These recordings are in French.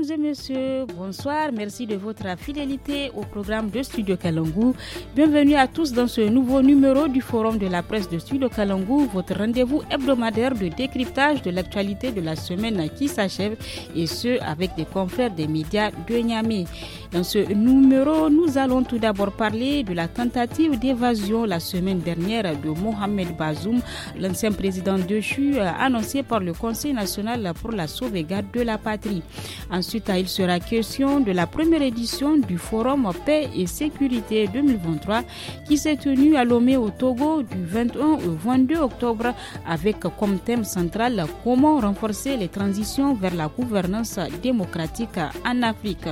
Mesdames et messieurs, bonsoir. Merci de votre fidélité au programme de Studio Kalangou. Bienvenue à tous dans ce nouveau numéro du Forum de la presse de Studio Kalangou, votre rendez-vous hebdomadaire de décryptage de l'actualité de la semaine qui s'achève et ce avec des confrères des médias de Niamey. Dans ce numéro, nous allons tout d'abord parler de la tentative d'évasion la semaine dernière de Mohamed Bazoum, l'ancien président de CHU, euh, annoncé par le Conseil national pour la sauvegarde de la patrie. Ensuite, il sera question de la première édition du Forum Paix et Sécurité 2023 qui s'est tenu à Lomé au Togo du 21 au 22 octobre avec comme thème central comment renforcer les transitions vers la gouvernance démocratique en Afrique.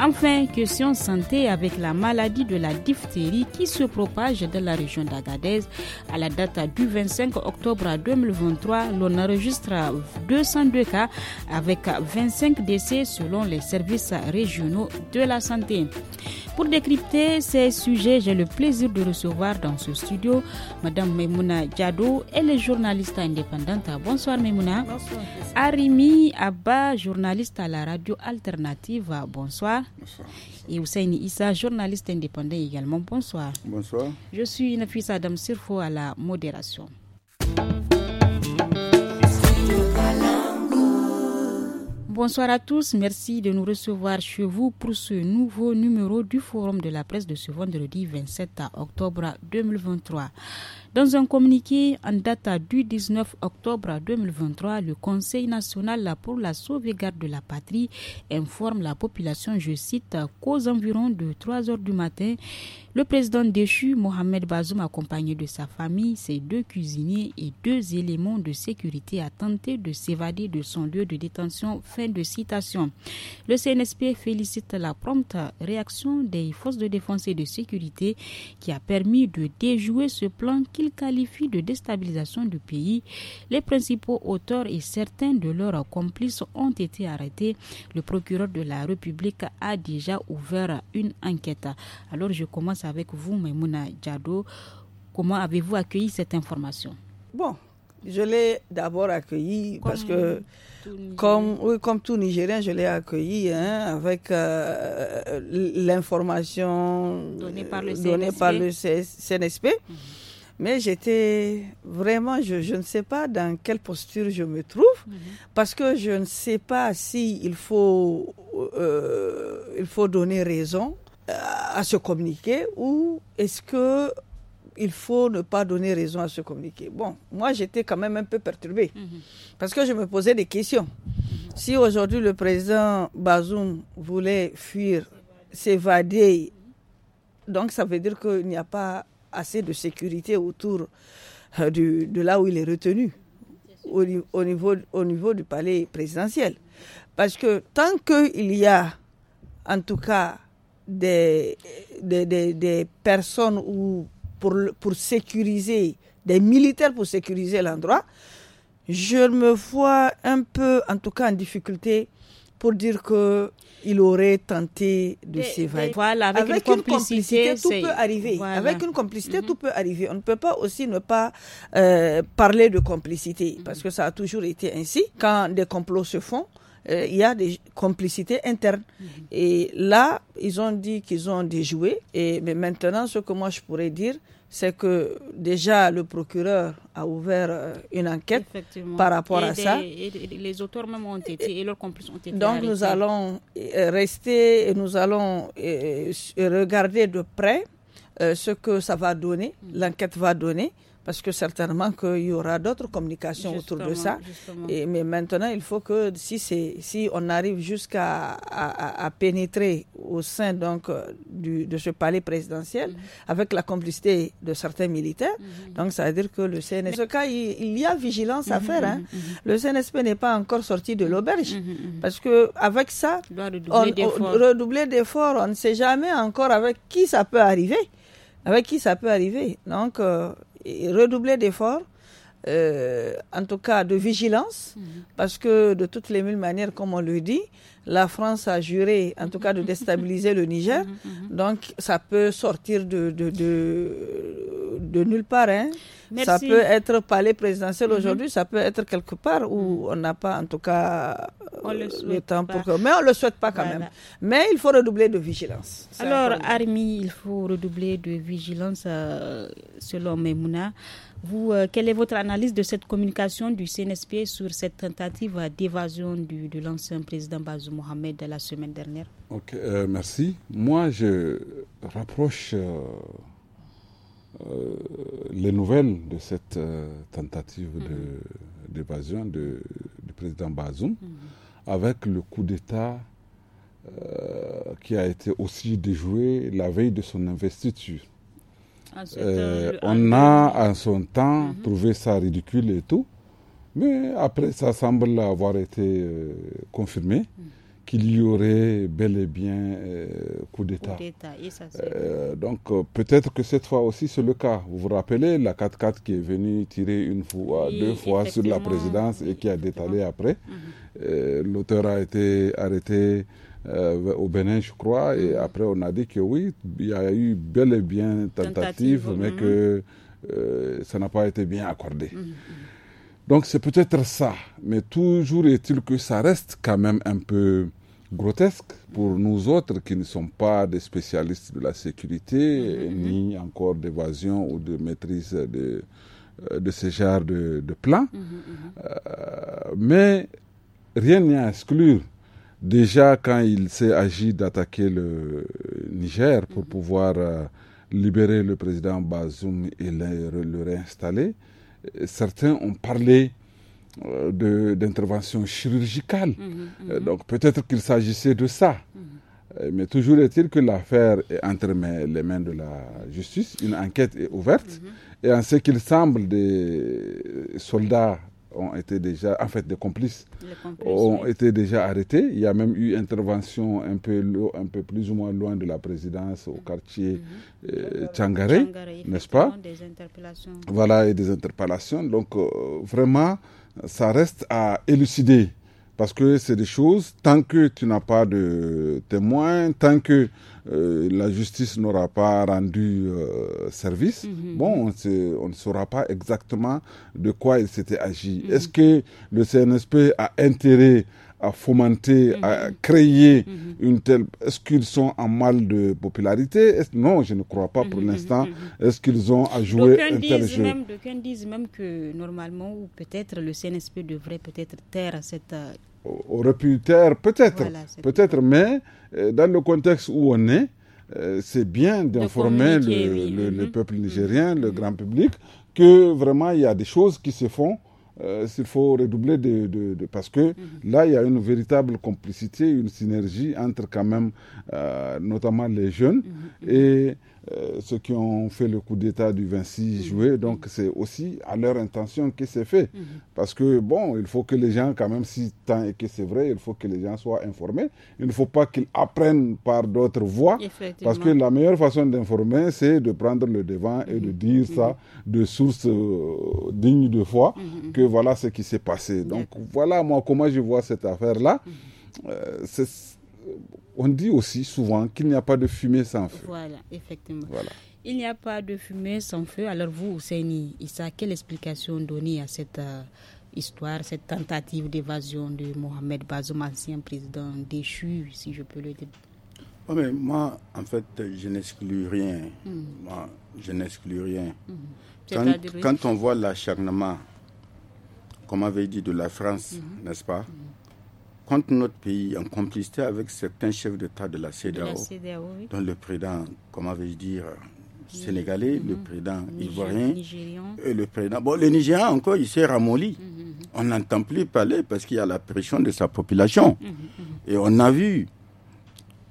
Enfin, question santé avec la maladie de la diphtérie qui se propage dans la région d'Agadez. À la date du 25 octobre 2023, l'on enregistre 202 cas avec 25 décès selon les services régionaux de la santé. Pour décrypter ces sujets, j'ai le plaisir de recevoir dans ce studio Madame Memouna Diado, elle est journaliste indépendante. Bonsoir Memouna. Bonsoir. Arimi Abba, journaliste à la radio alternative. Bonsoir. Bonsoir. Et Hussein Issa, journaliste indépendant également. Bonsoir. Bonsoir. Je suis Nafis Adam Sirfo à la modération. Bonsoir à tous, merci de nous recevoir chez vous pour ce nouveau numéro du Forum de la presse de ce vendredi 27 octobre 2023. Dans un communiqué en date du 19 octobre 2023, le Conseil national pour la sauvegarde de la patrie informe la population, je cite, qu'aux environs de 3 heures du matin, le président déchu Mohamed Bazoum, accompagné de sa famille, ses deux cuisiniers et deux éléments de sécurité, a tenté de s'évader de son lieu de détention. Fin de citation. Le CNSP félicite la prompte réaction des forces de défense et de sécurité qui a permis de déjouer ce plan qui qu'il qualifie de déstabilisation du pays. Les principaux auteurs et certains de leurs complices ont été arrêtés. Le procureur de la République a déjà ouvert une enquête. Alors je commence avec vous, Memouna Diado. Comment avez-vous accueilli cette information Bon, je l'ai d'abord accueilli parce que, comme, tout Nigérien, je l'ai accueilli hein, avec euh, l'information donnée euh, par le CNSP. Mais j'étais vraiment, je, ne sais pas dans quelle posture je me trouve, mhm. parce que je ne sais pas si il faut, euh, il faut donner raison euh, à se communiquer ou est-ce que il faut ne pas donner raison à se communiquer. Bon, moi j'étais quand même un peu perturbée mhm. parce que je me posais des questions. Mhm. Si aujourd'hui le président Bazoum voulait fuir, s'évader, donc ça veut dire qu'il n'y a pas assez de sécurité autour euh, de là où il est retenu, au, niveau, au niveau du palais présidentiel. Parce que tant qu'il y a, en tout cas, des, des, personnes ou pour, pour sécuriser, des militaires pour sécuriser l'endroit, je me vois un peu, en tout cas, en difficulté pour dire que il aurait tenté de s'évader. Voilà, avec, une, complicité, tout peut arriver. Avec une complicité, tout peut arriver. On ne peut pas aussi ne pas euh, parler de complicité, mm-hmm. parce que ça a toujours été ainsi. Quand des complots se font, euh, il y a des complicités internes. Mm-hmm. Et là, ils ont dit qu'ils ont déjoué. Et mais maintenant, ce que moi je pourrais dire, c'est que déjà le procureur a ouvert euh, une enquête par rapport à ça. les auteurs même ont été, et leurs complices ont été. Donc nous allons euh, rester et nous allons euh, regarder de près ce que ça va donner, mm. l'enquête va donner parce que certainement qu'il y aura d'autres communications autour de ça. Et, mais maintenant, il faut que si, si on arrive jusqu'à à, pénétrer au sein donc, euh, du, de ce palais présidentiel mhm. avec la complicité de certains militaires, mhm. donc ça veut dire que le CNSP... ce cas, il, y a vigilance à mhm, faire. Hein. Le CNSP n'est pas encore sorti de l'auberge parce qu'avec ça, redoubler d'efforts, on ne sait jamais encore avec qui ça peut arriver. Avec qui ça peut arriver. Donc... Euh, redoubler d'efforts, euh, en tout cas de vigilance, mm. parce que de toutes les mille manières, comme on lui dit, la France a juré, en tout cas, de déstabiliser le Niger. Mhm, mhm. Donc, ça peut sortir de, de, nulle part. Hein. Ça peut être palais présidentiel mhm. aujourd'hui, ça peut être quelque part où on n'a pas, en tout cas, le, euh, temps pour Mais on ne le souhaite pas quand même. Mais il faut redoubler de vigilance. Alors, Armi, il faut redoubler de vigilance, euh, selon Memouna. Euh, quelle est votre analyse de cette communication du CNSP sur cette tentative d'évasion de l'ancien président Bazoum Mohamed la semaine dernière euh, merci. Moi, je rapproche euh, les nouvelles de cette tentative mm-hmm. d'évasion du président Bazoum mm-hmm. avec le coup d'État qui a été aussi déjoué la veille de son investiture. Euh, on a en son temps mhm. trouvé ça ridicule et tout, mais après ça semble avoir été euh, confirmé mhm. qu'il y aurait bel et bien euh, coup d'État. donc peut-être que cette fois aussi c'est le cas. Vous vous rappelez la 4-4 qui est venue tirer une fois, deux fois sur la présidence et qui a détalé après. Mhm. L'auteur a été arrêté euh, au Bénin, je crois. Et mhm. après, on a dit que oui, il y a eu bel et bien tentative, mais mhm. que euh, ça n'a pas été bien accordé. Mhm, Donc c'est peut-être ça, mais toujours est-il que ça reste quand même un peu grotesque pour nous autres qui ne sommes pas des spécialistes de la sécurité, ni encore d'évasion ou de maîtrise de, euh, de ce genre de, de mais rien a à exclure Déjà, quand il s'est agi d'attaquer le Niger pour mhm. pouvoir euh, libérer le président Bazoum et le, réinstaller, euh, certains ont parlé euh, d'intervention chirurgicale. Mhm, mhm. Donc peut-être qu'il s'agissait de ça. Mais toujours est-il que l'affaire est entre les mains de la justice, une enquête est ouverte, et en ce qu'il semble des soldats ont été déjà, en fait, des complices, ont été déjà arrêtés. Il y a même eu intervention un peu, un peu plus ou moins loin de la présidence au quartier mhm. euh, euh, Tchangaré, n'est-ce pas Voilà, et des interpellations. Donc, euh, vraiment, ça reste à élucider parce que c'est des choses, tant que tu n'as pas de témoins, tant que euh, la justice n'aura pas rendu euh, service, mhm. bon, on, ne saura pas exactement de quoi il s'était agi. Mhm. Est-ce que le CNSP a intérêt à fomenter, à mhm. créer une telle... Est-ce qu'ils sont en mal de popularité Non, je ne crois pas pour l'instant. Est-ce qu'ils ont à jouer un tel jeu D'aucuns disent même que normalement, ou peut-être le CNSP devrait peut-être taire cette euh, aurait peut-être, peut-être, mais euh, dans le contexte où on est, euh, c'est bien d'informer le, mm-hmm, peuple mm-hmm, nigérien, le mm-hmm. grand public, que vraiment il y a des choses qui se font. Il euh, s'il faut redoubler de, parce que là il y a une véritable complicité, une synergie entre quand même notamment les jeunes et euh, ceux qui ont fait le coup d'État du 26 mm. juillet. Donc mm. c'est aussi à leur intention que c'est fait. Mm-hmm. Parce que, bon, il faut que les gens, quand même, si tant et que c'est vrai, il faut que les gens soient informés. Il ne faut pas qu'ils apprennent par d'autres voies. Parce que la meilleure façon d'informer, c'est de prendre le devant et de mm-hmm. dire ça mm-hmm. de source euh, digne de foi, que voilà ce qui s'est passé. Donc voilà, moi, comment je vois cette affaire-là. Euh, c'est on dit aussi souvent qu'il n'y a pas de fumée sans feu. Voilà, effectivement. Il n'y a pas de fumée sans feu. Alors vous, Ousseini Issa, quelle explication donner à cette euh, histoire, cette tentative d'évasion de Mohamed Bazoum, ancien président déchu, si je peux le dire Moi, en fait, je n'exclus rien. Hmm. je n'exclus rien. Hmm. Quand, on voit l'acharnement, comme avait dit, de la France, hmm. n'est-ce pas contre notre pays en complicité avec certains chefs d'État de la CEDAO, dont le président, comment vais je dire, sénégalais, le mhm. président ivoirien et le président. Bon, le Nigérian encore, il s'est ramolli. Mhm, mhm. On n'entend plus parler parce qu'il y a la pression de sa population. Et on a vu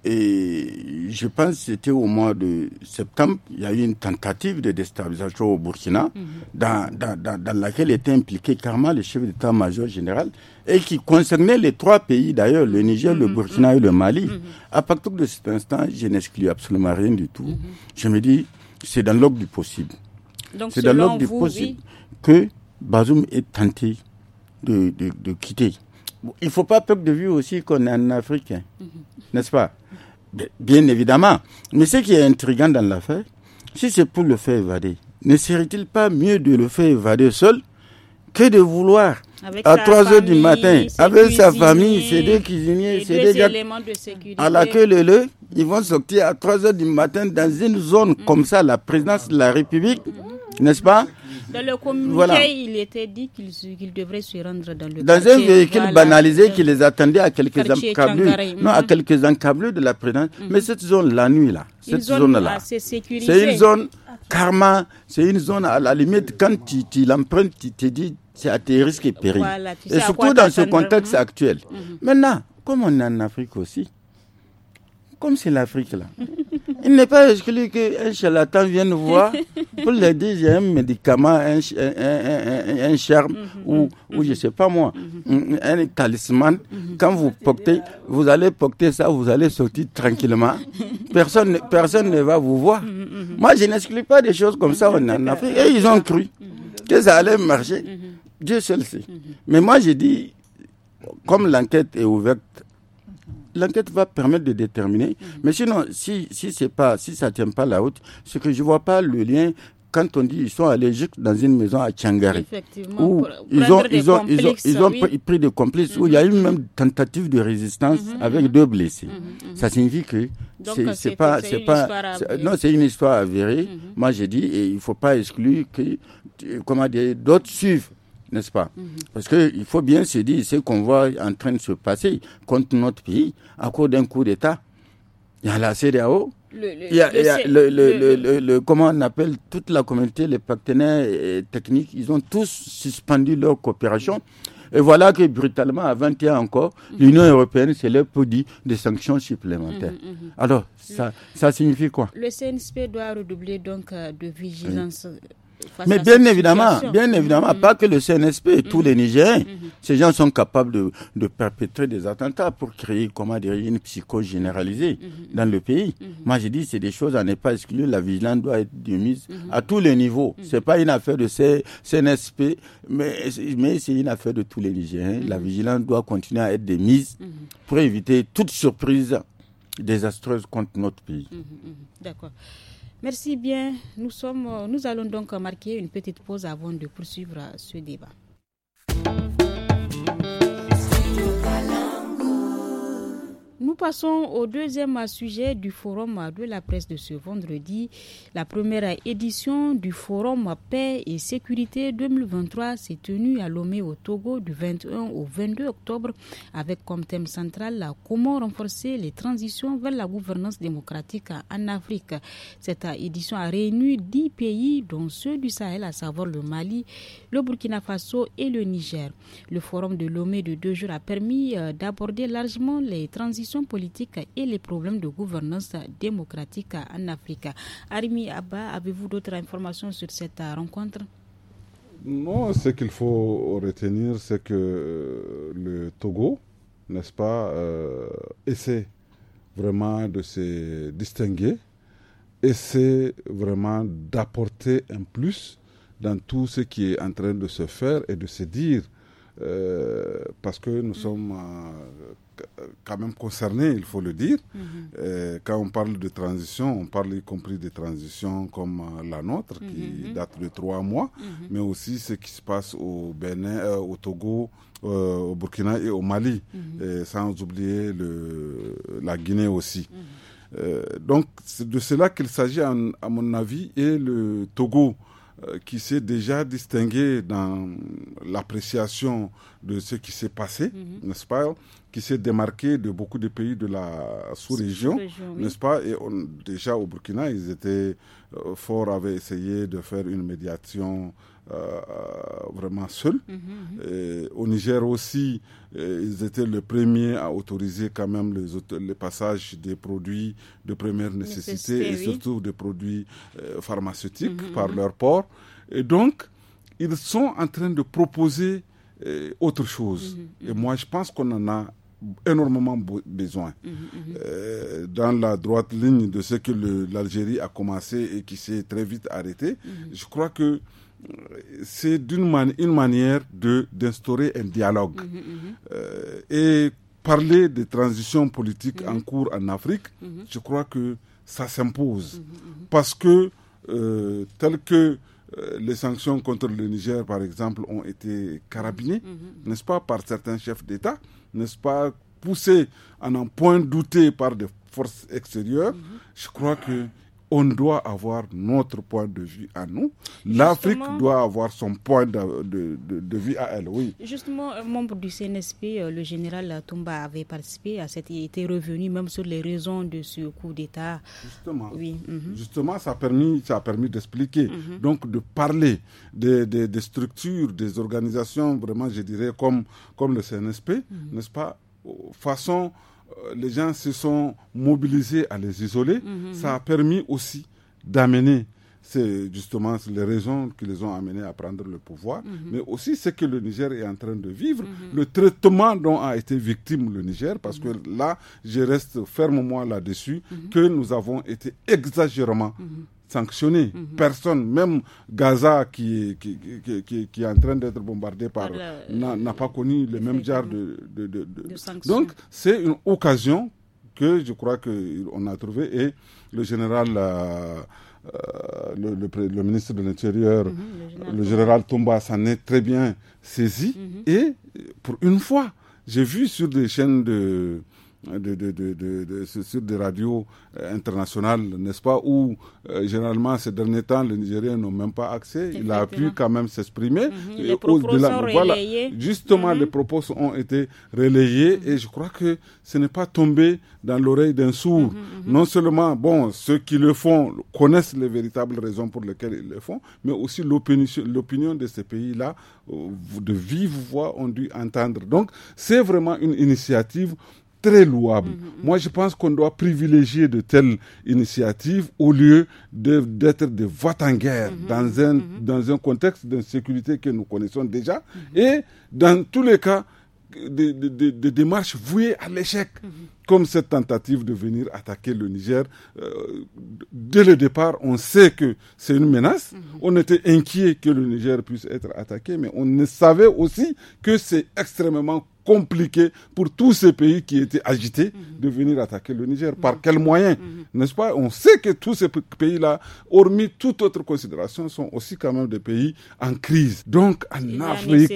et je pense que c'était au mois de septembre, il y a eu une tentative de déstabilisation au Burkina, mhm. dans, dans, dans, laquelle était impliqué carrément le chef d'état-major général, et qui concernait les trois pays d'ailleurs, le Niger, le mhm. Burkina et le mhm. Mali. À partir de cet instant, je n'exclus absolument rien du tout. Je me dis, c'est dans l'ordre du possible. C'est dans l'ordre du possible que Bazoum est tenté de, de, de quitter. Il ne faut pas perdre de vue aussi qu'on est un Africain, hein, n'est-ce pas Bien évidemment. Mais ce qui est intrigant dans l'affaire, si c'est pour le faire évader, ne serait-il pas mieux de le faire évader seul que de vouloir à 3 h du matin, avec sa famille, ses deux cuisiniers, ses deux gars, à la queue le ils vont sortir à 3 heures du matin dans une zone comme ça, la présidence de la République, mhm. n'est-ce pas dans le communiqué, il était dit qu'ils devraient se rendre dans le Dans un véhicule banalisé qui les attendait à quelques encablures. Non, à quelques encablures de la présence. Mhm. Mais cette zone, la nuit, là, cette zone-là, c'est une zone karma, c'est une zone à la limite, quand tu, l'empruntes, tu te dis, c'est à tes risques et périls. et surtout dans ce contexte mhm. actuel. Mhm. Maintenant, comme on est en Afrique aussi, comme c'est l'Afrique là. Il n'est pas exclu qu'un charlatan vienne voir pour lui dire j'ai un médicament, un, un charme mhm. ou, ou je ne sais pas moi, mhm. un talisman. Mhm. Quand vous portez, vous allez porter ça, vous allez sortir tranquillement. Personne, personne ne va vous voir. Moi, je n'exclus pas des choses comme ça en, en Afrique. Et ils ont cru que ça allait marcher. Dieu seul sait. Mais moi, j'ai dit, comme l'enquête est ouverte l'enquête va permettre de déterminer. Mhm. Mais sinon, si, si c'est pas, si ça tient pas la route, ce que je ne vois pas le lien quand on dit qu'ils sont allergiques dans une maison à Tchangari, où ils ont, ils ont, ils ont, pris des complices, où il y a mhm. eu même tentative de résistance mhm. avec deux blessés. Ça signifie que c'est pas, c'est pas, non, c'est une histoire avérée. Moi, j'ai dit, et il faut pas exclure que, comment d'autres suivent n'est-ce pas mhm. parce que Parce qu'il faut bien se dire ce qu'on voit en train de se passer contre notre pays à cause d'un coup d'État. Il y a la CDAO, il y a, le, comment on appelle toute la communauté, les partenaires euh, techniques, ils ont tous suspendu leur coopération. Et voilà que brutalement, à 21 encore, mhm. l'Union européenne s'est leur dit des sanctions supplémentaires. Mhm, Alors, ça, ça signifie quoi Le CNSP doit redoubler donc euh, de vigilance. Mais bien évidemment, bien mm-hmm. évidemment, pas que le CNSP, tous mm-hmm. les Nigériens, mm-hmm. ces gens sont capables de, perpétrer des attentats pour créer, comment dire, une psychose généralisée dans le pays. Moi, j'ai dit, c'est des choses à ne pas exclure. La vigilance doit être mise à tous les niveaux. C'est pas une affaire de CNSP, mais, mais c'est une affaire de tous les Nigériens. La vigilance doit continuer à être démise pour éviter toute surprise désastreuse contre notre pays. D'accord. Merci bien. Nous, sommes, nous allons donc marquer une petite pause avant de poursuivre ce débat. Nous passons au deuxième sujet du forum de la presse de ce vendredi. La première édition du forum Paix et Sécurité 2023 s'est tenue à Lomé au Togo du 21 au 22 octobre avec comme thème central la comment renforcer les transitions vers la gouvernance démocratique en Afrique. Cette édition a réuni dix pays dont ceux du Sahel, à savoir le Mali, le Burkina Faso et le Niger. Le forum de Lomé de deux jours a permis euh, d'aborder largement les transitions politique et les problèmes de gouvernance démocratique en Afrique. Arimi Abba, avez-vous d'autres informations sur cette rencontre Non, ce qu'il faut retenir, c'est que euh, le Togo, n'est-ce pas, euh, essaie vraiment de se distinguer, essaie vraiment d'apporter un plus dans tout ce qui est en train de se faire et de se dire euh, parce que nous sommes euh, quand même concernés, il faut le dire. Mhm. Euh, quand on parle de transition, on parle y compris des transitions comme la nôtre, qui mhm, mhm. date de trois mois, mais aussi ce qui se passe au Bénin, au Togo, au Burkina et au Mali, sans oublier le, la Guinée aussi. donc c'est de cela qu'il s'agit, à, à, mon avis, et le Togo. Euh, qui s'est déjà distingué dans l'appréciation de ce qui s'est passé, mhm. n'est-ce pas Qui s'est démarqué de beaucoup de pays de la sous-région, sous région nest ce pas Et déjà au Burkina, ils étaient euh, forts, avaient essayé de faire une médiation euh, vraiment seuls. Mhm, au Niger aussi, euh, ils étaient les premiers à autoriser quand même le passage des produits de première nécessité, et surtout des produits euh, pharmaceutiques mhm, par mhm. leur port. Et donc, ils sont en train de proposer autre chose. Et moi, je pense qu'on en a énormément besoin. dans la droite ligne de ce que l'Algérie a commencé et qui s'est très vite arrêté, je crois que c'est d'une une manière de d'instaurer un dialogue mmh, mmh, mmh. Euh, et parler des transitions politiques en cours en Afrique. Je crois que ça s'impose parce que euh, que euh, les sanctions contre le Niger, par exemple, ont été carabinées, n'est-ce pas, par certains chefs d'État, n'est-ce pas, poussées à un point douté par des forces extérieures, je crois que on doit avoir notre point de vue à nous. L'Afrique doit avoir son point de, de, de, vue à elle, oui. Justement, un membre du CNSP, euh, le général Tomba, avait participé à cette. Il était revenu même sur les raisons de ce coup d'État. Justement. Oui. Mhm. Justement, ça a permis, ça a permis d'expliquer. Mhm. Donc, de parler des, structures, des organisations, vraiment, je dirais, comme, comme le CNSP, mhm. n'est-ce pas Façon euh, les gens se sont mobilisés à les isoler. Mhm. Ça a permis aussi d'amener, c'est justement les raisons qui les ont amenés à prendre le pouvoir, mhm. mais aussi ce que le Niger est en train de vivre, mhm. le traitement dont a été victime le Niger, parce que là, je reste fermement là-dessus, que nous avons été exagérément sanctionné. Mhm. Personne, même Gaza qui est, qui, est en train d'être bombardé par n'a pas connu le même genre de, de, donc c'est une occasion que je crois qu'on a trouvé et le général. Euh, euh, le, le, ministre de l'Intérieur, mhm, le général, Tomba s'en est très bien saisi. Mhm. Et pour une fois, j'ai vu sur des chaînes de, de, de, de, de, sur des radios euh, internationales, n'est-ce pas, où euh, généralement ces derniers temps, les Nigériens n'ont même pas accès. Il a pu quand même s'exprimer. voilà, mhm. Justement, les propos mhm. ont été relayés et je crois que ce n'est pas tombé dans l'oreille d'un sourd. Mhm, non seulement, bon, ceux qui le font connaissent les véritables raisons pour lesquelles ils le font, mais aussi l'opinion de ces pays-là, euh, de vive voix, ont dû entendre. Donc, c'est vraiment une initiative très louable. Mm-hmm, mm-hmm. Moi, je pense qu'on doit privilégier de telles initiatives au lieu d'être des voies en guerre mm-hmm, dans, un, dans un contexte d'insécurité que nous connaissons déjà. Et dans tous les cas, des, de, démarches vouées à l'échec, comme cette tentative de venir attaquer le Niger. Euh, dès le départ, on sait que c'est une menace. On était inquiet que le Niger puisse être attaqué, mais on savait aussi que c'est extrêmement compliqué pour tous ces pays qui étaient agités mhm. de venir attaquer le Niger. Par mhm. quels moyens mhm. N'est-ce pas On sait que tous ces pays-là, hormis toute autre considération, sont aussi quand même des pays en crise. Donc en Afrique,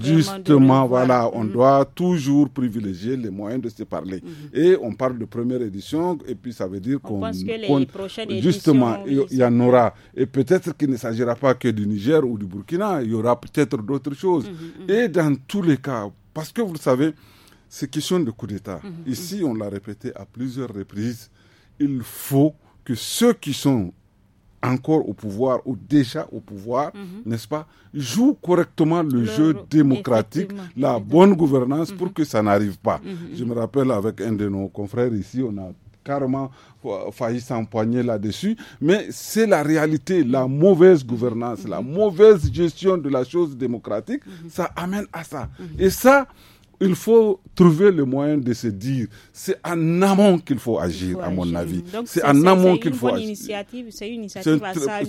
justement, voilà, on doit toujours privilégier les moyens de se parler. Et on parle de première édition, et puis ça veut dire qu'on... les justement, il y en aura. Et peut-être qu'il ne s'agira pas que du Niger ou du Burkina, il y aura peut-être d'autres choses. Et dans tous les cas, parce que vous le savez, c'est question de coup d'État. Mhm, mhm. Ici, on l'a répété à plusieurs reprises, il faut que ceux qui sont encore au pouvoir ou déjà au pouvoir, mhm. n'est-ce pas, jouent correctement le, jeu démocratique, la bonne gouvernance pour que ça n'arrive pas. Je me rappelle avec un de nos confrères ici, on a carrément euh, failli s'empoigner là-dessus, mais c'est la réalité, la mauvaise gouvernance, la mhm. mauvaise gestion de la chose démocratique, mhm. ça amène à ça. Mhm. Et ça, il faut trouver le moyen de se dire c'est en amont qu'il faut agir, à mon avis. C'est en amont qu'il faut agir. C'est une initiative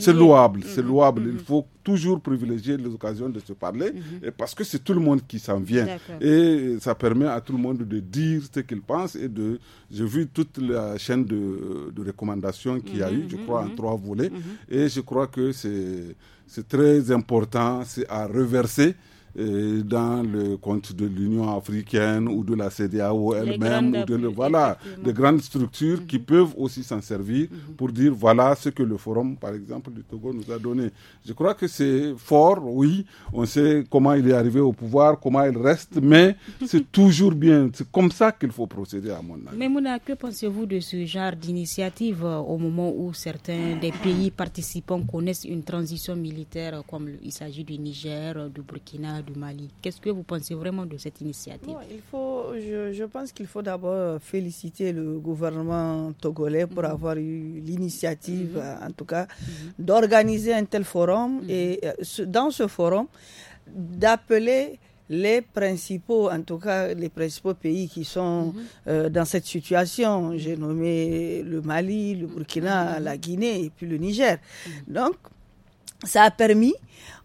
C'est louable, c'est mm-hmm. louable. Il mm-hmm. faut toujours privilégier les occasions de se parler mm-hmm. parce que c'est tout le monde qui s'en vient. Et ça permet à tout le monde de dire ce qu'il pense et de. J'ai vu toute la chaîne de, recommandations qu'il y a eu, je crois, en trois volets. Et je crois que c'est très important, c'est à reverser. Euh, dans le compte de l'Union africaine ou de la CDAO elle-même, ou de le, voilà, de grandes structures qui mhm. peuvent aussi s'en servir mhm. pour dire voilà ce que le forum, par exemple, du Togo nous a donné. Je crois que c'est fort, oui, on sait comment il est arrivé au pouvoir, comment il reste, mhm. mais c'est toujours bien, c'est comme ça qu'il faut procéder à mon avis. Mais Mouna, que pensez-vous de ce genre d'initiative euh, au moment où certains des pays participants connaissent une transition militaire euh, comme il s'agit du Niger, du Burkina, du Mali. Qu'est-ce que vous pensez vraiment de cette initiative il faut, je, pense qu'il faut d'abord féliciter le gouvernement togolais pour mhm. avoir eu l'initiative, mhm. euh, en tout cas, mhm. d'organiser un tel forum et euh, dans ce forum, d'appeler les principaux, en tout cas les principaux pays qui sont euh, dans cette situation. J'ai nommé le Mali, le Burkina, la Guinée et puis le Niger. Donc, ça a permis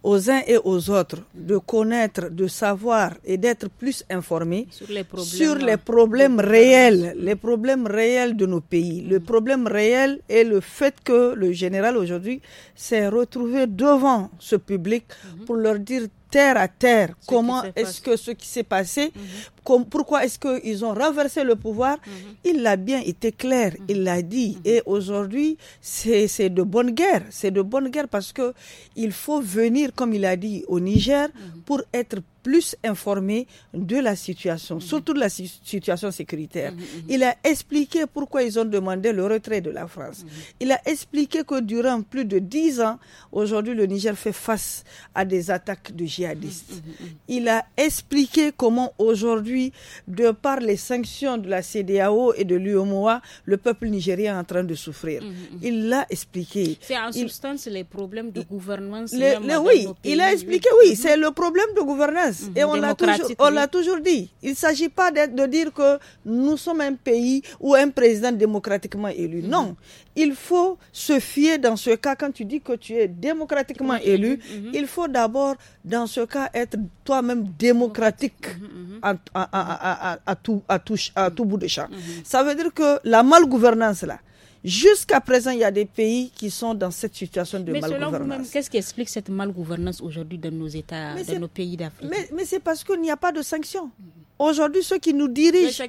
aux uns et aux autres de connaître, de savoir et d'être plus informés sur les problèmes, réels, les problèmes réels de nos pays. Le problème réel est le fait que le général aujourd'hui s'est retrouvé devant ce public pour leur dire terre à terre comment est-ce que ce qui s'est passé, mhm. pourquoi est-ce qu'ils ont renversé le pouvoir. Mhm. Il l'a bien été clair, mhm. il l'a dit. Et aujourd'hui, c'est de bonne guerre. C'est de bonne guerre parce que il faut venir, comme il a dit, au Niger pour être plus informé de la situation, mhm. surtout de la situation sécuritaire. Mhm, mhm. Il a expliqué pourquoi ils ont demandé le retrait de la France. Il a expliqué que durant plus de dix ans, aujourd'hui, le Niger fait face à des attaques de djihadistes. Il a expliqué comment aujourd'hui, de par les sanctions de la CDAO et de l'UOMOA, le peuple nigérien est en train de souffrir. Il l'a expliqué. C'est en substance les problèmes de gouvernance. oui, il a expliqué, oui, c'est le problème de gouvernance. Mhm. et on l'a toujours, toujours, dit. Il ne s'agit pas de dire que nous sommes un pays ou un président démocratiquement élu. Mhm. Non. Il faut se fier dans ce cas, quand tu dis que tu es démocratiquement mhm. élu, il faut d'abord, dans ce cas, être toi-même démocratique à, à, tout, bout de champ. Ça veut dire que la malgouvernance, là, Jusqu'à présent, il y a des pays qui sont dans cette situation de malgouvernance. Mais selon vous-même, qu'est-ce qui explique cette malgouvernance aujourd'hui dans nos États, dans nos pays d'Afrique Mais, c'est parce qu'il n'y a pas de sanctions. Aujourd'hui, ceux qui nous dirigent,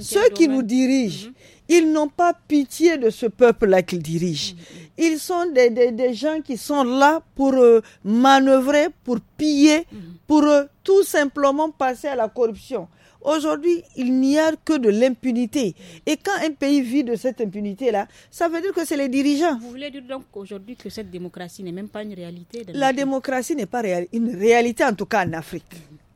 ceux qui nous dirigent, mhm. ils n'ont pas pitié de ce peuple-là qu'ils dirigent. Mhm, mhm. Ils sont des, des, gens qui sont là pour euh, manœuvrer, pour piller, pour euh, tout simplement passer à la corruption. Aujourd'hui, il n'y a que de l'impunité. Et quand un pays vit de cette impunité-là, ça veut dire que c'est les dirigeants. Vous voulez dire donc aujourd'hui que cette démocratie n'est même pas une réalité La démocratie n'est pas une réalité, en tout cas en Afrique.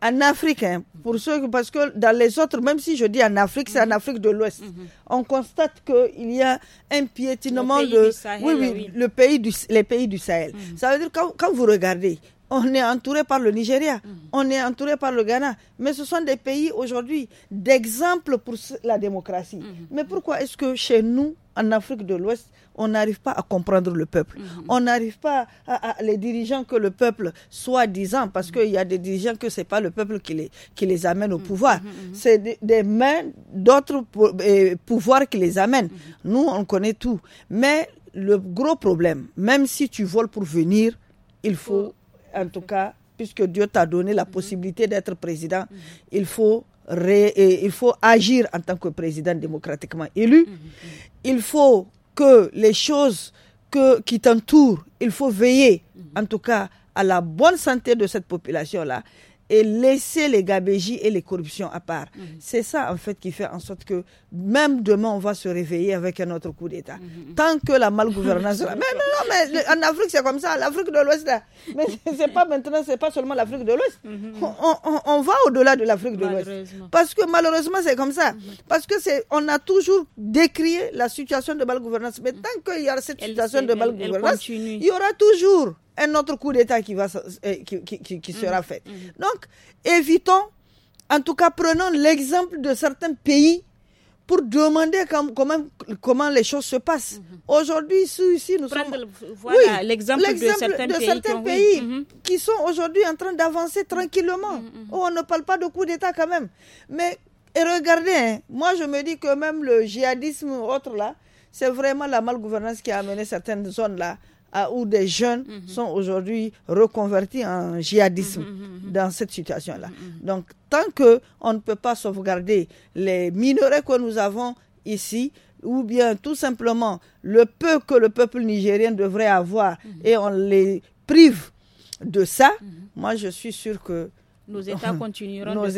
En Afrique, hein, pour ceux, parce que dans les autres, même si je dis en Afrique, c'est en mhm. Afrique de l'Ouest, mhm. on constate qu'il y a un piétinement le de. Sahel, oui, oui, Le pays les pays du Sahel. Mhm. Ça veut dire que quand vous regardez, on est entouré par le Nigeria, mm. on est entouré par le Ghana. Mais ce sont des pays aujourd'hui d'exemple pour la démocratie. Mm-hmm. Mais pourquoi est-ce que chez nous, en Afrique de l'Ouest, on n'arrive pas à comprendre le peuple. Mm-hmm. On n'arrive pas à, les dirigeants que le peuple, soi-disant, parce qu'il y a des dirigeants que ce n'est pas le peuple qui les, amène au mm-hmm. pouvoir. C'est des, mains d'autres eh, pouvoirs qui les amènent. Nous, on connaît tout. Mais le gros problème, même si tu voles pour venir, il faut en tout cas, puisque Dieu t'a donné la mhm. possibilité d'être président, mhm. il faut il faut agir en tant que président démocratiquement élu. Mhm. Il faut que les choses que, qui t'entourent, il faut veiller, en tout cas, à la bonne santé de cette population-là et laisser les gabégies et les corruptions à part. Mhm. C'est ça, en fait, qui fait en sorte que même demain, on va se réveiller avec un autre coup d'État. Mhm, mhm. Tant que la malgouvernance... mais non, non, mais en Afrique, c'est comme ça. L'Afrique de l'Ouest, là. Mais c'est pas maintenant, c'est pas seulement l'Afrique de l'Ouest. On, va au-delà de l'Afrique de l'Ouest. Parce que malheureusement, c'est comme ça. Parce que c'est, on a toujours décrié la situation de malgouvernance. Mais tant qu'il y a cette situation de malgouvernance, il y aura toujours un autre coup d'État qui, va, euh, qui, mm. sera fait. Mm. Donc, évitons, en tout cas, prenons l'exemple de certains pays pour demander comment, comment les choses se passent. Mm-hmm. Aujourd'hui, ici, nous sommes... Voilà, l'exemple de certains pays, mm-hmm. qui sont aujourd'hui en train d'avancer mm-hmm. tranquillement. Oh, on ne parle pas de coup d'État quand même. Mais et regardez, hein, moi je me dis que même le djihadisme autre là, c'est vraiment la malgouvernance qui a amené certaines zones là où des jeunes mhm. sont aujourd'hui reconvertis en djihadisme mhm, mhm, dans cette situation-là. Donc, tant que on ne peut pas sauvegarder les minerais que nous avons ici, ou bien tout simplement le peu que le peuple nigérien devrait avoir, et on les prive de ça, moi je suis sûr que nos États continueront, de,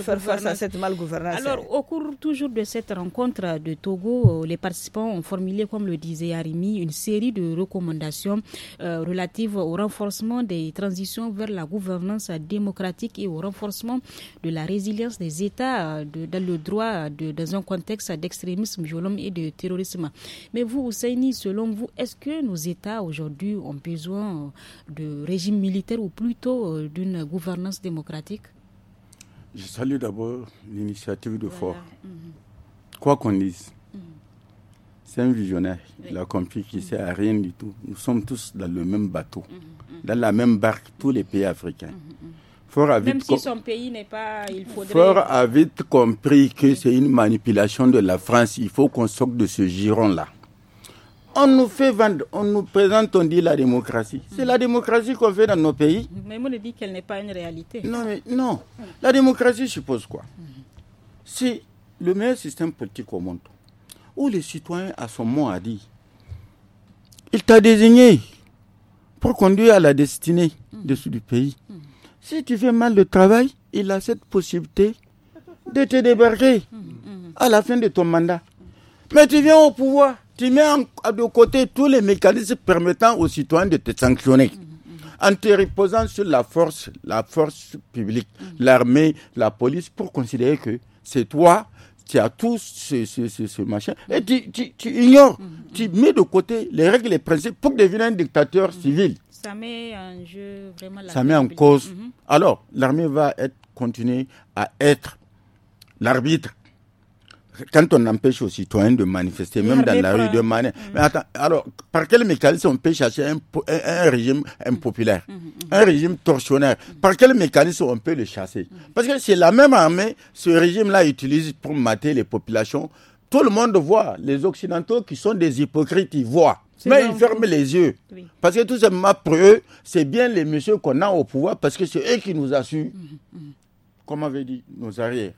faire face à cette malgouvernance. Alors, eh. au cours toujours de cette rencontre de Togo, euh, les participants ont formulé, comme le disait Arimi, une série de recommandations euh, relatives au renforcement des transitions vers la gouvernance démocratique et au renforcement de la résilience des États euh, dans le droit de, dans un contexte d'extrémisme violent et de terrorisme. Mais vous, Ousseini, selon vous, est-ce que nos États aujourd'hui ont besoin de régime militaire ou plutôt d'une gouvernance démocratique Je salue d'abord l'initiative de Ford mhm. Quoi qu'on dise, mhm. c'est un visionnaire. Il a compris qu'il ne sert à rien du tout. Nous sommes tous dans le même bateau, mhm, dans la même barque, tous les pays africains. Ford Fort a vite compris que c'est une manipulation de la France. Il faut qu'on sorte de ce giron-là. On nous fait vendre, on nous présente, on dit la démocratie. C'est la démocratie qu'on fait dans nos pays. Mais on dit qu'elle n'est pas une réalité. Non, mais non. La démocratie suppose quoi C'est le meilleur système politique au monde, où les citoyens, a son mot à dire. Il t'a désigné pour conduire à la destinée de ce du pays. Si tu fais mal le travail, il a cette possibilité de te débarquer à la fin de ton mandat. Mais tu viens au pouvoir tu mets de côté tous les mécanismes permettant aux citoyens de te sanctionner. Mm-hmm. En te reposant sur la force, la force publique, mm-hmm. l'armée, la police, pour considérer que c'est toi, qui as tout ce, machin, et tu, ignores, mm-hmm. tu mets de côté les règles et les principes pour devenir un dictateur civil. Ça met en jeu vraiment la Ça met en cause. Alors, l'armée va continuer à être l'arbitre quand on empêche aux citoyens hein, de manifester, même dans la rue, de manière. Mm. Mais attends, alors, par quel mécanisme on peut chasser un, régime impopulaire, mm, mm, un régime tortionnaire Par quel mécanisme on peut le chasser Parce que c'est la même armée, ce régime-là utilise pour mater les populations. Tout le monde voit, les Occidentaux qui sont des hypocrites, ils voient. Mais ils ferment les yeux. Parce que tout simplement, pour eux, c'est bien les messieurs qu'on a au pouvoir parce que c'est eux qui nous assurent comme avait dit, nos arrières.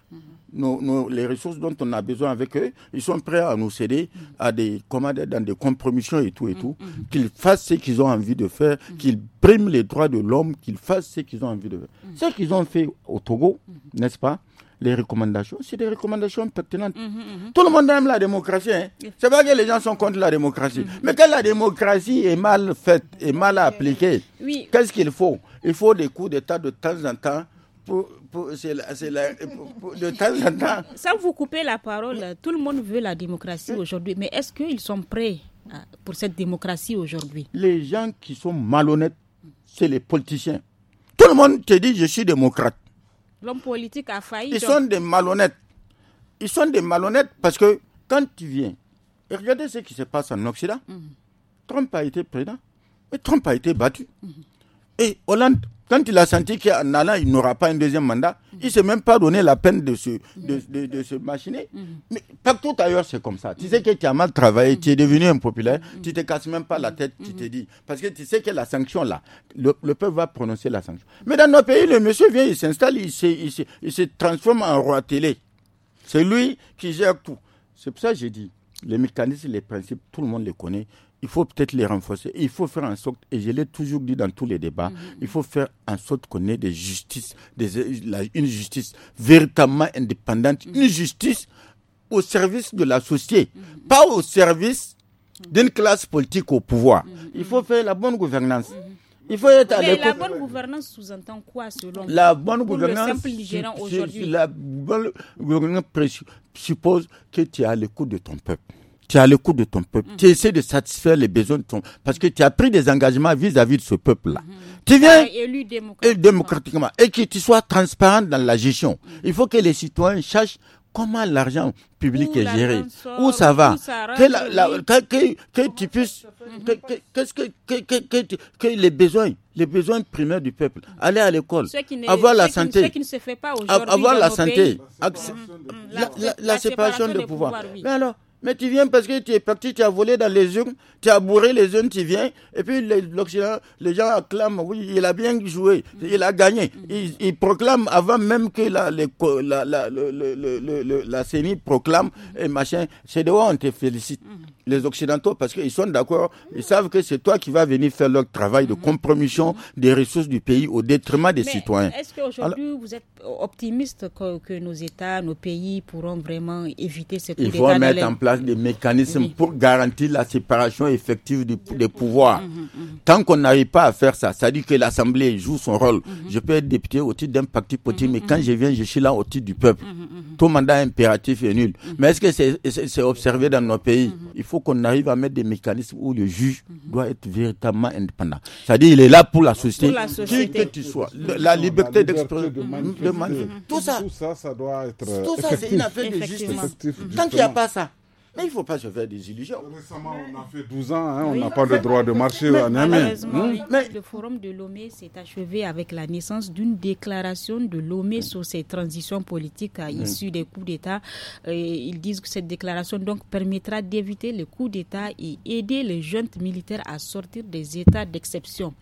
Mhm. les ressources dont on a besoin avec eux, ils sont prêts à nous céder mhm. à des commandes dans des compromissions et tout et mhm. tout. Qu'ils fassent ce qu'ils ont envie de faire, qu'ils priment les droits de l'homme, qu'ils fassent ce qu'ils ont envie de faire. Ce qu'ils ont fait au Togo, n'est-ce pas les recommandations, c'est des recommandations pertinentes. Tout le monde aime la démocratie. Hein. C'est pas que les gens sont contre la démocratie. Mais quand la démocratie est mal faite, est mal appliquée, qu'est-ce qu'il faut Il faut des coups d'État de temps en temps pour, de Sans vous couper la parole, tout le monde veut la démocratie aujourd'hui, mais est-ce qu'ils sont prêts euh, pour cette démocratie aujourd'hui Les gens qui sont malhonnêtes, c'est les politiciens. Tout le monde te dit je suis démocrate. L'homme politique a failli. Ils sont des malhonnêtes. Ils sont des malhonnêtes parce que quand tu viens, regardez ce qui se passe en Occident. Mhm. Trump a été président, mais Trump a été battu. Mhm. Et Hollande, quand il a senti qu'en allant, il n'aura pas un deuxième mandat, il ne s'est même pas donné la peine de se, de, de, se machiner. Mm-hmm. Mais partout ailleurs, c'est comme ça. Tu sais que tu as mal travaillé, tu es devenu impopulaire, tu ne te casses même pas la tête, tu te mm-hmm. dis. Parce que tu sais que la sanction, là, le, peuple va prononcer la sanction. Mais dans nos pays, le monsieur vient, il s'installe, il, il, il se transforme en roi télé. C'est lui qui gère tout. C'est pour ça que j'ai dit, les mécanismes, les principes, tout le monde les connaît il faut peut-être les renforcer. Il faut faire en sorte, et je l'ai toujours dit dans tous les débats, mm-hmm. il faut faire en sorte qu'on ait des justices, des, une justice véritablement indépendante, mm-hmm. une justice au service de l'associé, société, mm-hmm. pas au service d'une classe politique au pouvoir. Il faut faire la bonne gouvernance. Il faut être Mais la bonne gouvernance sous-entend quoi selon La bonne gouvernance, la bonne gouvernance suppose que tu es à l'écoute de ton peuple tu es à l'écoute de ton peuple, mm. tu essaies de satisfaire les besoins de ton parce que tu as pris des engagements vis-à-vis de ce peuple-là. Mm-hmm. Tu viens élu démocratiquement. et que tu sois transparent dans la gestion. Mm. Il faut que les citoyens cherchent comment l'argent public est géré, où ça va, que, tu puisses, qu'est-ce que, que, les besoins, les besoins primaires du peuple, mm. aller à l'école, avoir la santé, avoir la santé, la, séparation de pouvoir. Mais alors, mais tu viens parce que tu es parti, tu as volé dans les urnes, tu as bourré les urnes, tu viens. Et puis l'Occident, les gens acclament, oui, il a bien joué, mhm. il a gagné. Mhm. Ils, proclament avant même que la, les, la, CENI proclame mhm. et machin. C'est de où on te félicite. Les Occidentaux, parce qu'ils sont d'accord, ils savent que c'est toi qui vas venir faire leur travail de compromission des ressources du pays au détriment des Mais citoyens. Est-ce qu'aujourd'hui, vous êtes optimiste que, nos États, nos pays pourront vraiment éviter cette Il faut mettre en place des mécanismes pour garantir la séparation effective des pouvoirs. Mmh, mmh, mmh. Tant qu'on n'arrive pas à faire ça, ça dit que l'Assemblée joue son rôle. Je peux être député au titre d'un parti politique, mais quand je viens, je suis là au titre du peuple. Tout mandat impératif est nul. Mais est-ce que c'est observé dans nos pays Il faut qu'on arrive à mettre des mécanismes où le juge doit être véritablement indépendant. C'est-à-dire, il est là pour la société, qui que tu sois. la liberté d'expression, tout ça. Tout ça, ça doit être. Tout ça, c'est une affaire de justice. Tant qu'il n'y a pas ça, mais il ne faut pas se faire des illusions. Récemment, on a fait 12 ans, hein, on n'a pas le droit de marcher en hmm. Amérique. Le forum de Lomé s'est achevé avec la naissance d'une déclaration de Lomé sur ses transitions politiques à hmm. issues des coups d'État. ils disent que cette déclaration donc permettra d'éviter les coups d'État et aider les jeunes militaires à sortir des états d'exception.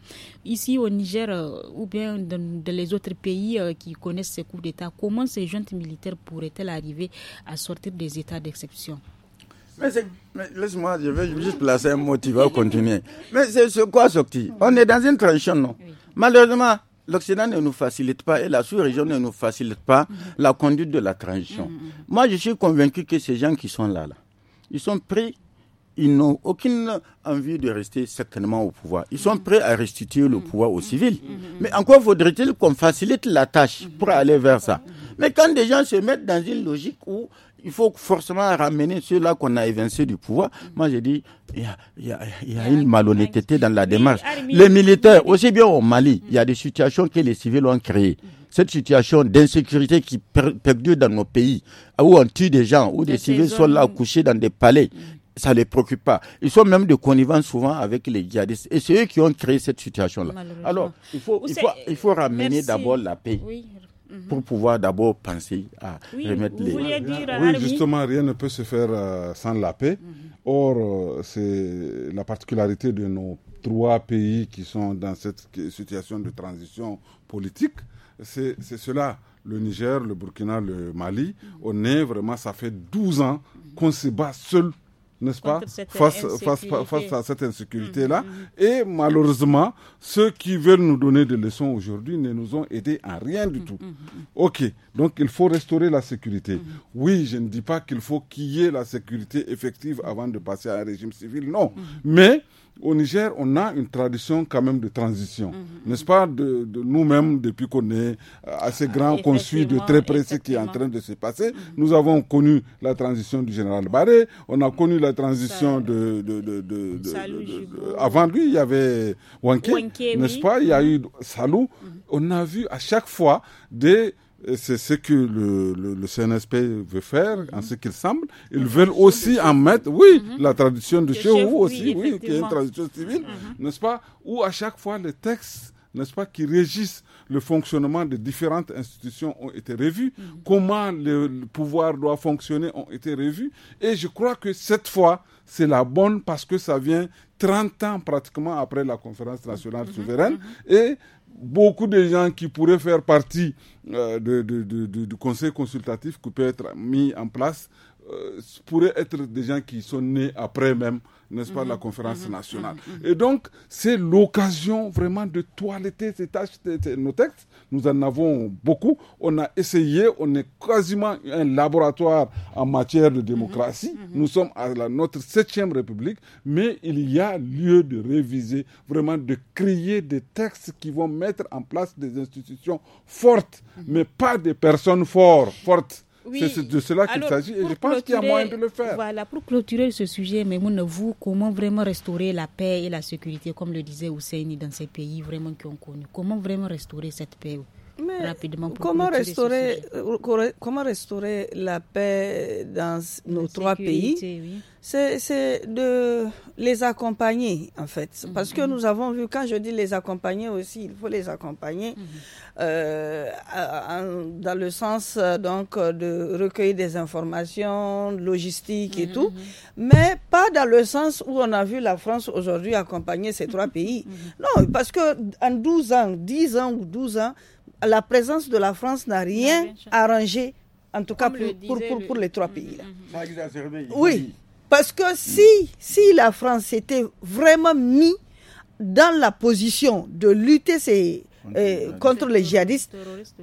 Ici au Niger euh, ou bien dans, les autres pays euh, qui connaissent ces coups d'État, comment ces jeunes militaires pourraient-elles arriver à sortir des états d'exception mais, laisse-moi, je vais juste placer un mot, qui va continuer. Mais c'est quoi, ce Sokti On est dans une transition, non Malheureusement, l'Occident ne nous facilite pas et la sous-région ne nous facilite pas mm-hmm. la conduite de la transition. Mm-hmm. Moi, je suis convaincu que ces gens qui sont là, là ils sont pris, ils n'ont aucune envie de rester certainement au pouvoir. Ils sont mm-hmm. prêts à restituer le pouvoir aux civils. Mais encore faudrait-il qu'on facilite la tâche pour aller vers ça. Mais quand des gens se mettent dans une logique où il faut forcément ramener ceux-là qu'on a évincés du pouvoir. Mm. Moi, j'ai dit, il y a, y, a, y a, une malhonnêteté dans la démarche. Les militaires, mm. aussi bien au Mali, il y a mm. des situations que les civils ont créées. Cette situation d'insécurité qui perdure dans nos pays, où on tue des gens, où des civils sont là couchés dans des palais, ça ne les préoccupe pas. Ils sont même de connivence souvent avec les djihadistes. Et c'est eux qui ont créé cette situation-là. Alors, il faut, il faut, il faut ramener d'abord la paix. Mhm. pour pouvoir d'abord penser à remettre les. oui, justement, rien ne peut se faire euh, sans la paix. Mhm. Or, euh, c'est la particularité de nos trois pays qui sont dans cette situation de transition politique. C'est cela le Niger, le Burkina, le Mali. Mhm. On est vraiment, ça fait 12 ans qu'on se bat seul n'est-ce pas, face, face, à cette insécurité-là. Mm, mm, mm. Et malheureusement, ceux qui veulent nous donner des leçons aujourd'hui ne nous ont aidés à rien du tout. Ok, donc il faut restaurer la sécurité. Oui, je ne dis pas qu'il faut qu'il y ait la sécurité effective avant de passer à un régime civil, non. Mais au Niger, on a une tradition quand même de transition, mhm. n'est-ce pas, de, nous-mêmes, depuis qu'on est euh, assez ah, grand, qu'on suit de très près ce qui est en train de se passer. Mhm. Nous avons connu la transition du général Baré, on a mhm. connu la transition de... de, avant lui, il y avait Wanké, n'est-ce pas, il y a eu Salou. On a vu à chaque fois des c'est ce que le, CNSP veut faire, en mhm. ce qu'il semble. Ils veulent aussi en mettre, oui, mhm. la tradition de chez vous aussi, oui, qui est une tradition civile, mhm. n'est-ce pas Où à chaque fois les textes, n'est-ce pas, qui régissent le fonctionnement des différentes institutions ont été revus, comment le pouvoir doit fonctionner ont été revus. Et je crois que cette fois, c'est la bonne parce que ça vient 30 ans pratiquement après la conférence nationale mhm, souveraine mhm, mhm. et beaucoup de gens qui pourraient faire partie euh, du conseil consultatif qui peut être mis en place pourrait euh, pourraient être des gens qui sont nés après même, n'est-ce pas, la mhm. conférence mhm. nationale. Mhm. Et donc, c'est l'occasion vraiment de toiletter ces nos textes. Nous en avons beaucoup. On a essayé, on est quasiment un laboratoire en matière de démocratie. Nous sommes à la, notre septième République, mais il y a lieu de réviser, vraiment de créer des textes qui vont mettre en place des institutions fortes, mais pas des personnes fortes. C'est de cela qu'il s'agit et je pense qu'il y a moyen de le faire. Voilà, pour clôturer ce sujet, mais vous, comment vraiment restaurer la paix et la sécurité, comme le disait Hussein dans ces pays vraiment qui ont connu Comment vraiment restaurer cette paix euh, comment restaurer, la paix dans nos trois pays C'est de les accompagner, en fait. Mhm. Parce que nous avons vu, quand je dis les accompagner aussi, il faut les accompagner mhm. euh, dans le sens euh, donc de recueillir des informations logistiques et mhm, tout, mais pas dans le sens où on a vu la France aujourd'hui accompagner ces trois pays. Non, parce que en 12 ans, 10 ans ou 12 ans, la présence de la France n'a rien arrangé, en tout cas pour, pour, les trois pays. Mm, mm, mm. Ah, oui, parce que si, si la France s'était vraiment mise dans la position de lutter contre les euh, djihadistes,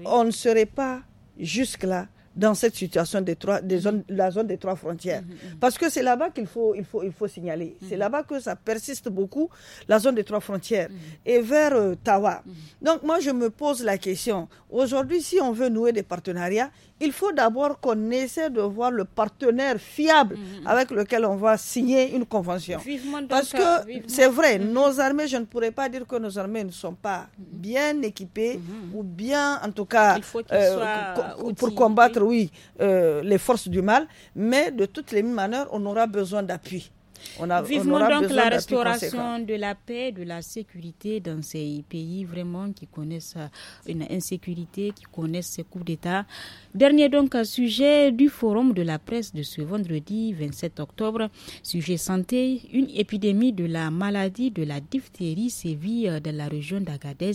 on ne serait pas jusque-là dans cette situation des trois, des zones, la zone des trois frontières. Mhm, mhm. Parce que c'est là-bas qu'il faut, il faut, il faut signaler. Mhm. C'est là-bas que ça persiste beaucoup, la zone des trois frontières, et vers euh, Tawa. Donc moi, je me pose la question, aujourd'hui, si on veut nouer des partenariats, il faut d'abord qu'on essaie de voir le partenaire fiable mhm. avec lequel on va signer une convention. Parce que euh, c'est vrai, mhm. nos armées, je ne pourrais pas dire que nos armées ne sont pas mhm. bien équipées ou bien, en tout cas, euh, pour combattre, oui, euh, les forces du mal, mais de toutes les manières, on aura besoin d'appui. On Vivement donc la restauration de la paix, de la sécurité dans ces pays vraiment qui connaissent une insécurité, qui connaissent ces coups d'État. Dernier donc sujet du forum de la presse de ce vendredi 27 octobre, sujet santé, une épidémie de la maladie de la diphtérie sévit euh, dans la région d'Agadez.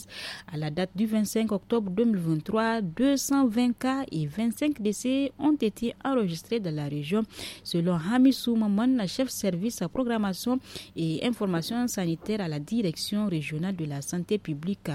À la date du 25 octobre 2023, 220 cas et 25 décès ont été enregistrés dans la région, selon Hamisou Maman, chef service à programmation et information sanitaire à la direction régionale de la santé publique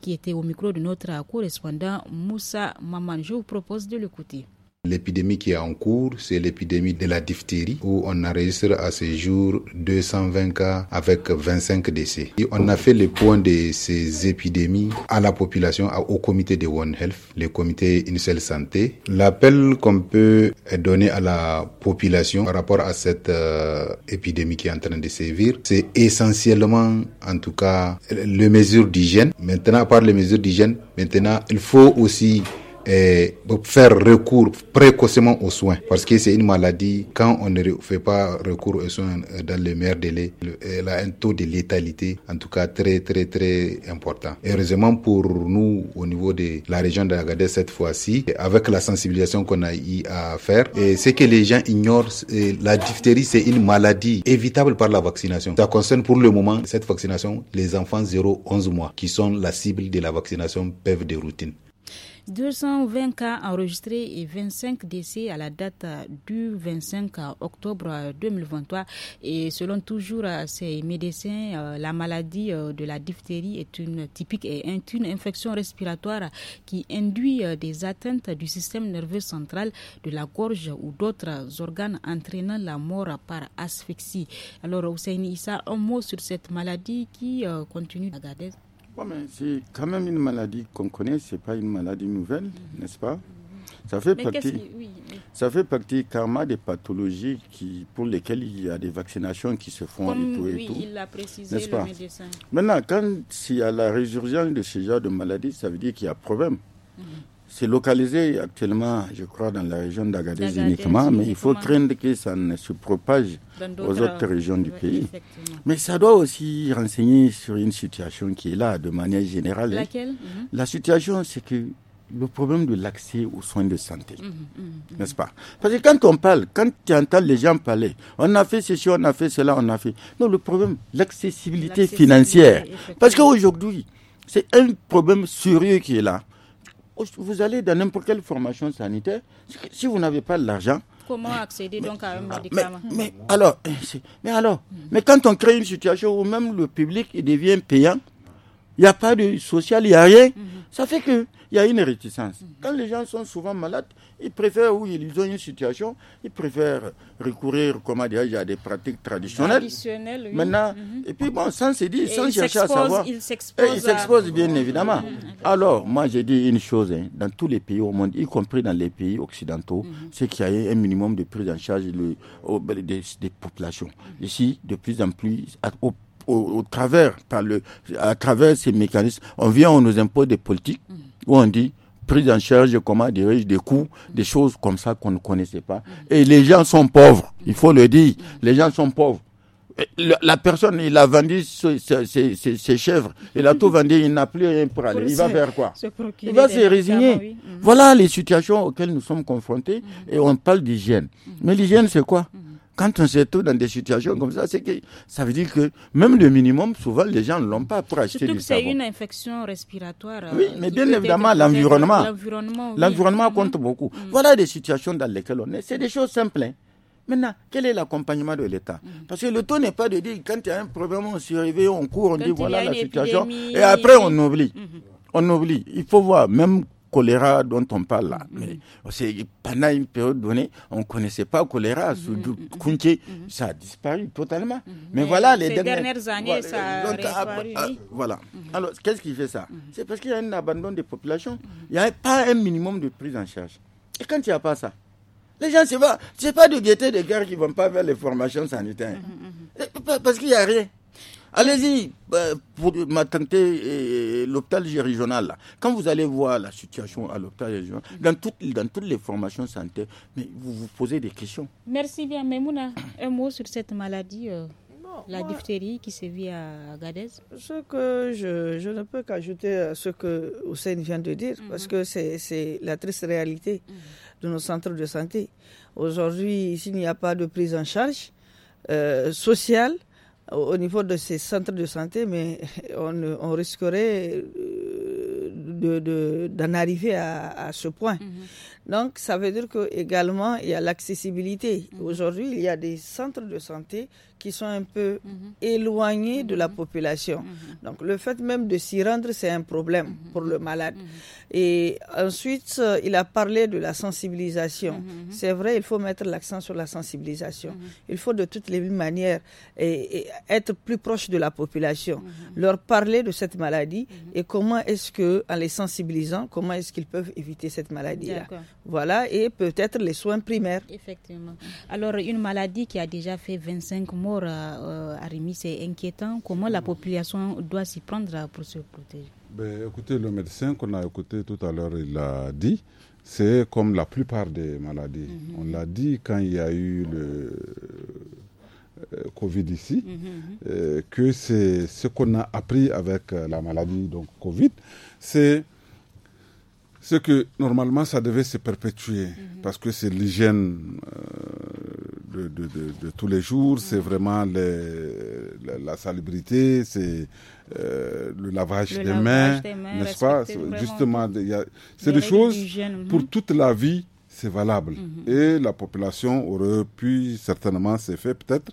qui était au micro de notre correspondant Moussa Maman. propose de l'écouter. L'épidémie qui est en cours, c'est l'épidémie de la diphtérie où on a enregistre à ce jour 220 cas avec 25 décès. Et on a fait le point de ces épidémies à la population, au comité de One Health, le comité Une santé. L'appel qu'on peut donner à la population par rapport à cette euh, épidémie qui est en train de sévir, c'est essentiellement, en tout cas, les mesures d'hygiène. Maintenant, par les mesures d'hygiène, maintenant, il faut aussi et eh, faire recours précocement aux soins. Parce que c'est une maladie, quand on ne fait pas recours aux soins euh, dans le meilleur délai, elle a un taux de létalité, en tout cas très, très, très important. Et heureusement pour nous, au niveau de la région d'Agadez cette fois-ci, avec la sensibilisation qu'on a eu à faire, c'est que les gens ignorent, la diphtérie, c'est une maladie évitable par la vaccination. Ça concerne pour le moment, cette vaccination, les enfants 0-11 mois, qui sont la cible de la vaccination peuvent de routine. 220 cas enregistrés et 25 décès à la date du 25 octobre 2023. Et selon toujours euh, ces médecins, euh, la maladie euh, de la diphtérie est une typique et une infection respiratoire qui induit des atteintes du système nerveux central, de la gorge ou d'autres organes entraînant la mort par asphyxie. Alors, Hussein Issa, un mot sur cette maladie qui continue à garder c'est quand même une maladie qu'on connaît, c'est pas une maladie nouvelle, n'est-ce pas ça fait, partie, ça fait partie karma des pathologies qui, pour lesquelles il y a des vaccinations qui se font et tout. il l'a précisé, le pas? médecin. Maintenant, quand s'il y a la résurgence de ce genre de maladies, ça veut dire qu'il y a problème. Mhm. C'est localisé actuellement, je crois, dans la région d'Agadez uniquement, mais il faut craindre que ça ne se propage aux autres régions du pays. Mais ça doit aussi renseigner sur une situation qui est là de manière générale. Hein. Laquelle mhm. La situation, c'est que le problème de l'accès aux soins de santé. Mhm, mhm, n'est-ce pas Parce que quand on parle, quand tu entends les gens parler, on a fait ceci, on a fait cela, on a fait. Non, le problème, l'accessibilité financière. Parce qu'aujourd'hui, c'est un problème sérieux qui est là vous allez dans n'importe quelle formation sanitaire, si vous n'avez pas l'argent, comment accéder donc à un médicament mais, alors, eh, mais alors, mais quand on crée une situation où même le public devient payant, il n'y a pas de social, il n'y a rien, mhm. ça fait qu'il y a une réticence. Quand les gens sont souvent malades, ils préfèrent, oui, ils ont une situation, ils préfèrent recourir, comment dire, à des pratiques traditionnelles. Maintenant, mhm. et puis bon, sans se dire, sans chercher à savoir. Ils s'exposent. bien mhm. évidemment. Mhm. Alors, moi, j'ai dit une chose, hein, dans tous les pays au monde, y compris dans les pays occidentaux, c'est qu'il y ait un minimum de prise en charge ben, des, populations. Ici, de plus en plus, travers, par le, à travers ces mécanismes, on vient, on nous impose des politiques où on dit prise en charge, comment dirais des coûts, des choses comme ça qu'on ne connaissait pas. Et les gens sont pauvres, il faut le dire, les gens sont pauvres. La personne, il a vendu ses, ses chèvres, il a tout vendu, il n'a plus rien pour aller. Il va faire quoi Il va se résigner. Voilà les situations auxquelles nous sommes confrontés et on parle d'hygiène. Mais l'hygiène, c'est quoi quand on se trouve dans des situations comme ça, c'est que ça veut dire que même le minimum, souvent, les gens ne l'ont pas pour acheter Surtout du que c'est une infection respiratoire. Oui, euh, mais bien évidemment, l'environnement. L'environnement compte mhm. beaucoup. Mhm. Voilà des situations dans lesquelles on est. C'est des choses simples. Hein. Maintenant, quel est l'accompagnement de l'État mhm. Parce que le taux n'est pas de dire quand il y a un problème, on se réveille, on court, on dit voilà la situation, et après on oublie. On oublie. Il faut voir, même choléra dont on parle là. Mm-hmm. Mais pendant une période donnée, on ne connaissait pas choléra. Mm-hmm. Sous mm-hmm. ça a disparu totalement. Mais, voilà les dernières, années, ça a disparu. Ah, bah, ah, voilà. Alors, qu'est-ce qui fait ça C'est parce qu'il y a un abandon des populations. Il n'y a pas un minimum de prise en charge. Et quand il n'y a pas ça, les gens, ce n'est pas, pas de gaieté de guerre qui ne vont pas vers les formations sanitaires. Eh, parce qu'il n'y a rien. Allez-y, bah, pour ma tenter euh, l'hôpital régional. Quand vous allez voir la situation à l'hôpital régional, dans toutes, dans toutes les formations santé, mais vous vous posez des questions. Merci bien. Mouna, un mot sur cette maladie euh, la diphtérie qui se vit à Gadez Ce que je, ne peux qu'ajouter à ce que Hussein vient de dire, parce mhm. que c'est la triste réalité mhm. de nos centres de santé. Aujourd'hui, il n'y a pas de prise en charge euh, sociale, au niveau de ces centres de santé, mais on, risquerait euh, d'en arriver à, ce point. Mm-hmm. Donc, ça veut dire que également il y a l'accessibilité. Mm-hmm. Aujourd'hui, il y a des centres de santé qui sont un peu mhm. éloignés de la mhm. population. Mhm. Donc le fait même de s'y rendre, c'est un problème pour le malade. Et ensuite, euh, il a parlé de la sensibilisation. C'est vrai, il faut mettre l'accent sur la sensibilisation. Il faut de toutes les manières et, être plus proche de la population, leur parler de cette maladie et comment est-ce que, en les sensibilisant, comment est-ce qu'ils peuvent éviter cette maladie-là. Voilà, et peut-être les soins primaires. Effectivement. Alors, une maladie qui a déjà fait 25 mois à euh, euh, Rémi, c'est inquiétant. Comment la mm. population doit s'y prendre pour se protéger ben, Écoutez, le médecin qu'on a écouté tout à l'heure, il a dit, c'est comme la plupart des maladies. Mm-hmm. On l'a dit quand il y a eu le euh, Covid ici, mm-hmm, mm-hmm. que c'est ce qu'on a appris avec la maladie donc Covid, c'est ce que normalement ça devait se perpétuer parce que c'est l'hygiène de, tous les jours, c'est vraiment la, salubrité, c'est euh, le lavage, des, mains, n'est-ce pas Justement, c'est des choses mhm. pour toute la vie c'est valable. Mhm. Et la population aurait pu, certainement, c'est fait peut-être,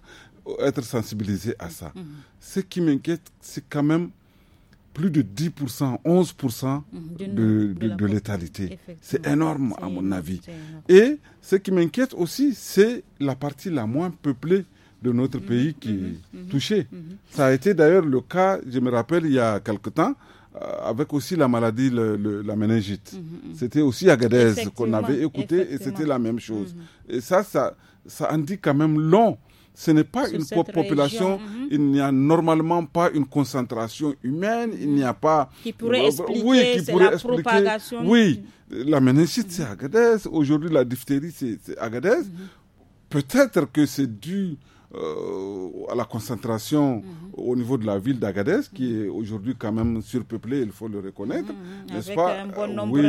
être sensibilisée à ça. Mhm. Ce qui m'inquiète, c'est quand même plus de 10%, 11% mhm, de, de, létalité. C'est énorme à mon avis. Et ce qui m'inquiète aussi, c'est la partie la moins peuplée de notre mhm, pays qui mhm, est touchée. Ça a été d'ailleurs le cas, je me rappelle, il y a quelque temps, euh, avec aussi la maladie, la méningite. C'était aussi Agadez qu'on avait écouté et c'était la même chose. Et ça, ça, ça indique quand même long ce n'est pas une population, mhm. il n'y a normalement pas une concentration humaine, il n'y a mhm. pas... Qui pourrait euh, expliquer, oui, la propagation. Oui, la méningite, c'est Agadez, aujourd'hui la diphtérie, c'est Agadez. Mhm. Peut-être que c'est dû euh, à la concentration mhm. au niveau de la ville d'Agadez, qui est aujourd'hui quand même surpeuplée, il faut le reconnaître, n'est-ce pas Oui,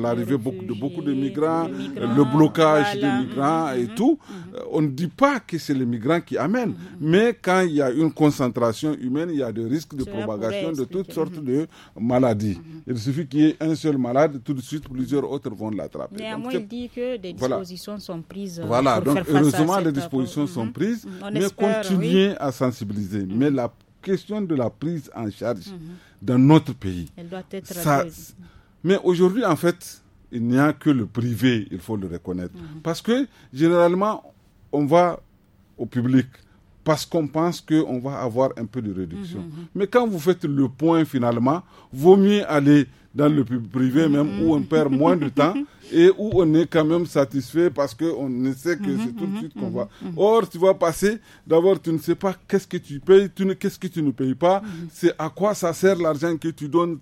l'arrivée de, de, beaucoup de migrants, le blocage des migrants et mhm, tout. Mhm. Euh, on ne dit pas que c'est les migrants qui amènent, mais quand il y a une concentration humaine, il y a des risques de propagation de toutes sortes de maladies. Il suffit qu'il y ait un seul malade, tout de suite plusieurs autres vont l'attraper. Néanmoins, il dit que des dispositions voilà. sont prises. Voilà, donc heureusement, les dispositions sont prises. Euh, mais à sensibiliser. Mais mm-hmm. la question de la prise en charge mm-hmm. dans notre pays, Elle doit être mais aujourd'hui, en fait, il n'y a que le privé, il faut le reconnaître. Mm-hmm. Parce que généralement, on va au public parce qu'on pense qu'on va avoir un peu de réduction. Mais quand vous faites le point finalement, vaut mieux aller dans le privé même où on perd moins de temps et où on est quand même satisfait parce qu'on sait que c'est tout de suite qu'on va. Mhm, mhm, Or, mhm. tu vas passer, d'abord, tu ne sais pas qu'est-ce que tu payes, tu qu'est-ce que tu ne payes pas, c'est à quoi ça sert l'argent que tu donnes.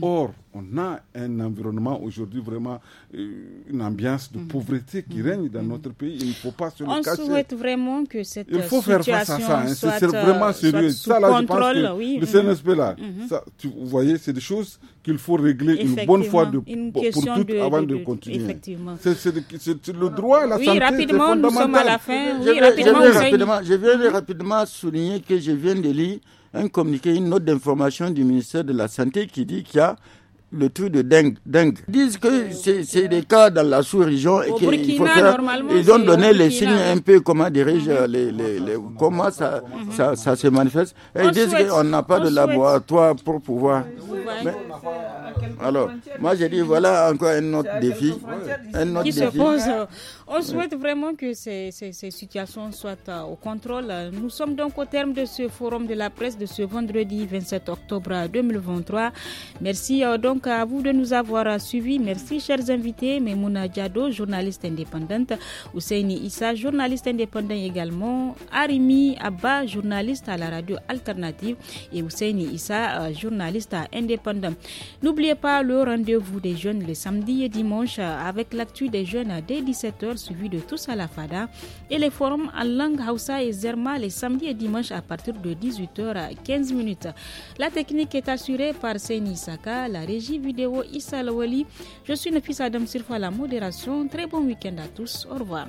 Or, on a un environnement aujourd'hui vraiment euh, une ambiance de pauvreté qui règne dans notre pays. Il ne faut pas se le cacher. On souhaite vraiment que cette Il faut situation faire face à ça. C'est vraiment sérieux. Ça, contrôle, oui, le CNSP, là, ça, tu, vous voyez, c'est des choses qu'il faut régler une bonne fois pour toutes avant de, de Effectivement. C'est le droit la oui, Rapidement, nous sommes à la fin. rapidement, je viens, rapidement, rapidement souligner que je viens de lire un communiqué, une note d'information du ministère de la Santé qui dit qu'il y a le truc de dingue. Dengue. Ils disent que c'est des cas dans la sous-région et faire. Ils ont donné les signes un peu, comment mhm. les, comment ça, ça, se manifeste. Et ils disent qu'on n'a pas de laboratoire pour pouvoir. Alors, moi j'ai dit, voilà encore un autre défi. Un autre qui se pose. On souhaite vraiment que ces, ces, situations soient euh, au contrôle. Nous sommes donc au terme de ce forum de la presse de ce vendredi 27 octobre 2023. Merci euh, donc à vous de nous avoir euh, suivis. Merci chers invités, Memouna Diado, journaliste indépendante, Ousseini Issa, journaliste indépendant également, Arimi Abba, journaliste à la radio alternative et Ousseini Issa, journaliste indépendant. N'oubliez N'oubliez pas le rendez-vous des jeunes le samedi et dimanche euh, avec l'actu des jeunes dès 17h suivi de tous à la FADA et les forums en langue Hausa et Zerma les samedis et dimanche à partir de 18h15 euh, minutes. La technique est assurée par Seni Saka, la régie vidéo Issa Lawali. Je suis fils Adam Sirfa, la modération. Très bon week-end à tous. Au revoir.